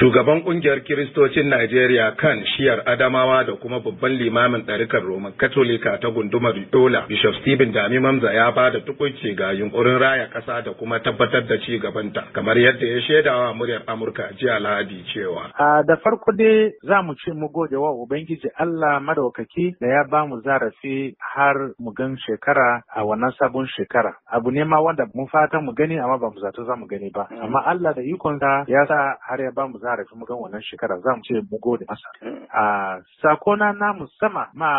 Shugaban ƙungiyar Kiristocin Najeriya kan shiyar Adamawa da kuma babban limamin ɗarikar Roman Katolika ta gundumar dola Bishop Stephen Dami Mamza ya ba da tukunci ga yunkurin raya ƙasa da kuma tabbatar da ci gabanta, kamar yadda ya shaidawa muryar Amurka jiya Lahadi cewa. A da farko dai za mu ce mu gode wa Ubangiji Allah madaukaki da ya ba mu zarafi har mu gan shekara a wannan sabon shekara. Abu ne ma wanda mun fata mu gani amma ba mu zato za mu gani ba. Mm. Amma Allah da ikonsa ya sa har ya ba mu za a rufe mugan wannan shekara za mu ce mu gode masa. Mm. A sako na na musamman ma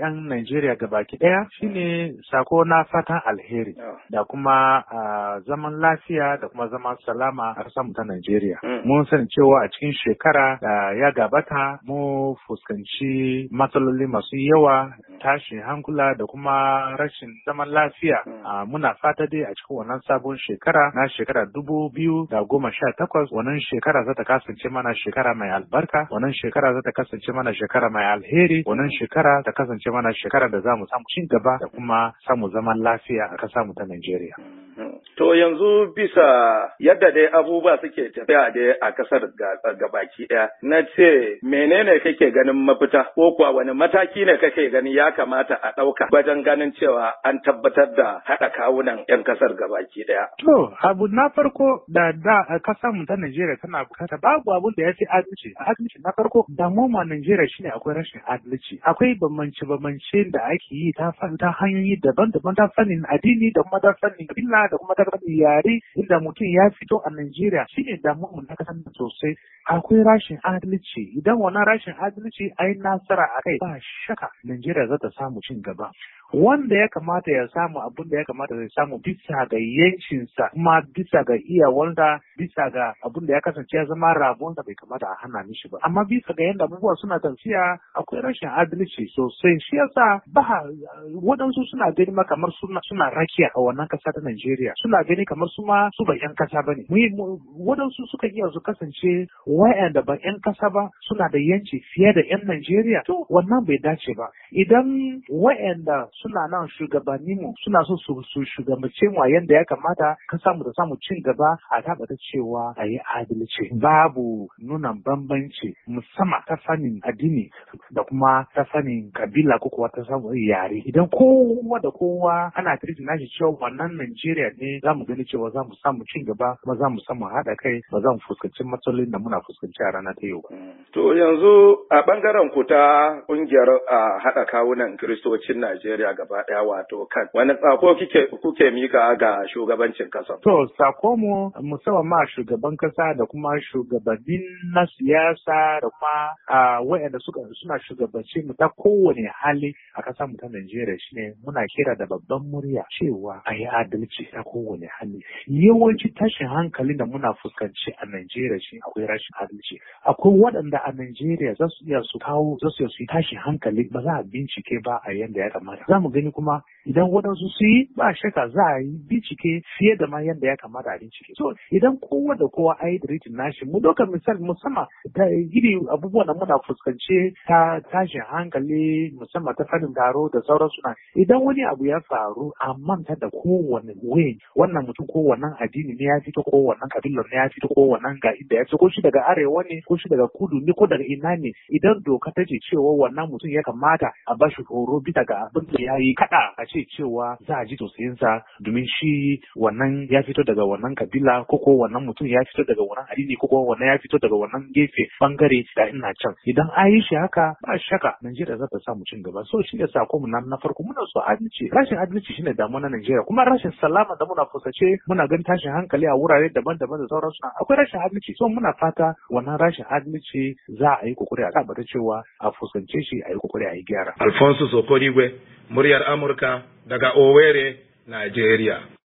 yan Najeriya gabaki ɗaya shine sako na fatan alheri oh. da kuma zaman lafiya da kuma zaman salama a samun ta Najeriya. Mm. Mun san cewa a cikin shekara da ya gabata mu fuskanci matsaloli masu yawa tashin hankula da kuma rashin zaman lafiya hmm. a ah, muna fata dai a cikin wannan sabon shekara na shekara dubu biyu da goma sha takwas wannan shekara za ta kasance mana shekara mai albarka wannan shekara za ta kasance mana shekara mai alheri wannan shekara ta kasance mana shekara da za mu samu ci gaba da kuma samu zaman lafiya a ƙasa mu ta Najeriya. Hmm. To yanzu bisa yadda dai abubuwa suke tafiya dai a kasar gabaki ɗaya. Na ce menene kake ganin mafita ko kuwa wani mataki ne kake gani ya kamata a ɗauka wajen ganin cewa an tabbatar da haɗa kawunan 'yan kasar gabaki ɗaya. To abu na farko da da kasar mu ta Najeriya tana bukata babu abun da ya fi adalci. Adalci na farko da ma Najeriya shine akwai rashin adalci. Akwai bambance-bambance da ake yi ta hanyoyi daban-daban ta fannin addini da kuma ta fannin kabila da kuma ta kasar yare inda mutum ya fito a Najeriya shi ne damuwa mu na kasar sosai akwai rashin adalci idan wannan rashin adalci ai nasara a kai ba shaka Najeriya za ta samu cin gaba wanda ya kamata ya samu abin da ya kamata ya samu bisa ga yancinsa kuma bisa ga iyawarsa bisa ga abin da ya kasance ya zama rabonsa bai kamata a hana mishi ba amma bisa ga yadda abubuwa suna tafiya akwai rashin adalci sosai shi yasa ba waɗansu suna gani ma kamar suna suna rakiya a wannan ƙasa ta Najeriya suna gani kamar su ma su ba 'yan ƙasa ba ne waɗansu suka iya su kasance wa'anda ba 'yan ƙasa ba suna da yanci fiye da 'yan Najeriya to wannan bai dace ba idan wa'anda suna nan shugabanni mu suna so su shugabance mu a yanda ya kamata ka samu da samu cin gaba a tabbata cewa a yi adalci babu nuna bambanci musamman ta fannin addini da kuma ta fannin kabila ko kuwa ta samu yare idan kowa da kowa ana kirki shi cewa wannan Najeriya ne za mu gani cewa za mu samu cin gaba kuma za mu samu haɗa kai ba za mu fuskanci matsalolin da muna fuskanci a rana ta yau. Mm. To yanzu a bangaren ku ta a haɗa kawunan Kiristocin Najeriya Najeriya gaba ɗaya wato kan wani sako kike kuke mika ga shugabancin kasa. To sako mu musamman ma shugaban kasa da kuma shugabannin na siyasa da kuma waɗanda suka suna shugabanci mu ta kowane hali a kasar mu ta Najeriya shine muna kira da babban murya cewa a yi adalci ta kowane hali. Yawanci tashin hankalin da muna fuskanci a Najeriya shi akwai rashin adalci. Akwai waɗanda a Najeriya za su iya su kawo za su iya su tashin hankali ba za a bincike ba a yanda ya kamata. za mu gani kuma idan waɗansu su yi ba shaka za a yi bincike fiye da ma yadda ya kamata a bincike. So idan kowa da kowa a yi diritin nashi mu doka misali musamman ta gidi abubuwan da muna fuskance ta tashin hankali musamman ta fannin taro da sauran na idan wani abu ya faru a manta da kowane wayan wannan mutum ko addini ne ya fito ko kabilar ne ya fito ko ga inda ya fito ko shi daga arewa ne ko shi daga kudu ne ko daga ina ne idan doka ta ce cewa wannan mutum ya kamata a bashi horo bisa ga abin da ya yi kada a ce cewa za a ji tausayinsa domin shi wannan ya fito daga wannan kabila ko ko wannan mutum ya fito daga wannan addini ko ko wannan ya fito daga wannan gefe bangare da ina can idan a yi shi haka ba shaka Najeriya za ta samu cin gaba so shi ne sako mu na farko muna so adalci rashin adalci shine damuwa na Najeriya kuma rashin salama da muna fusace muna gan tashin hankali a wurare daban-daban da sauransu akwai rashin adalci so muna fata wannan rashin adalci za a yi kokari a tabbata cewa a fuskance shi a yi kokari a yi gyara Alfonso Sokorigwe muryar Amurka daga Owerri, Najeriya.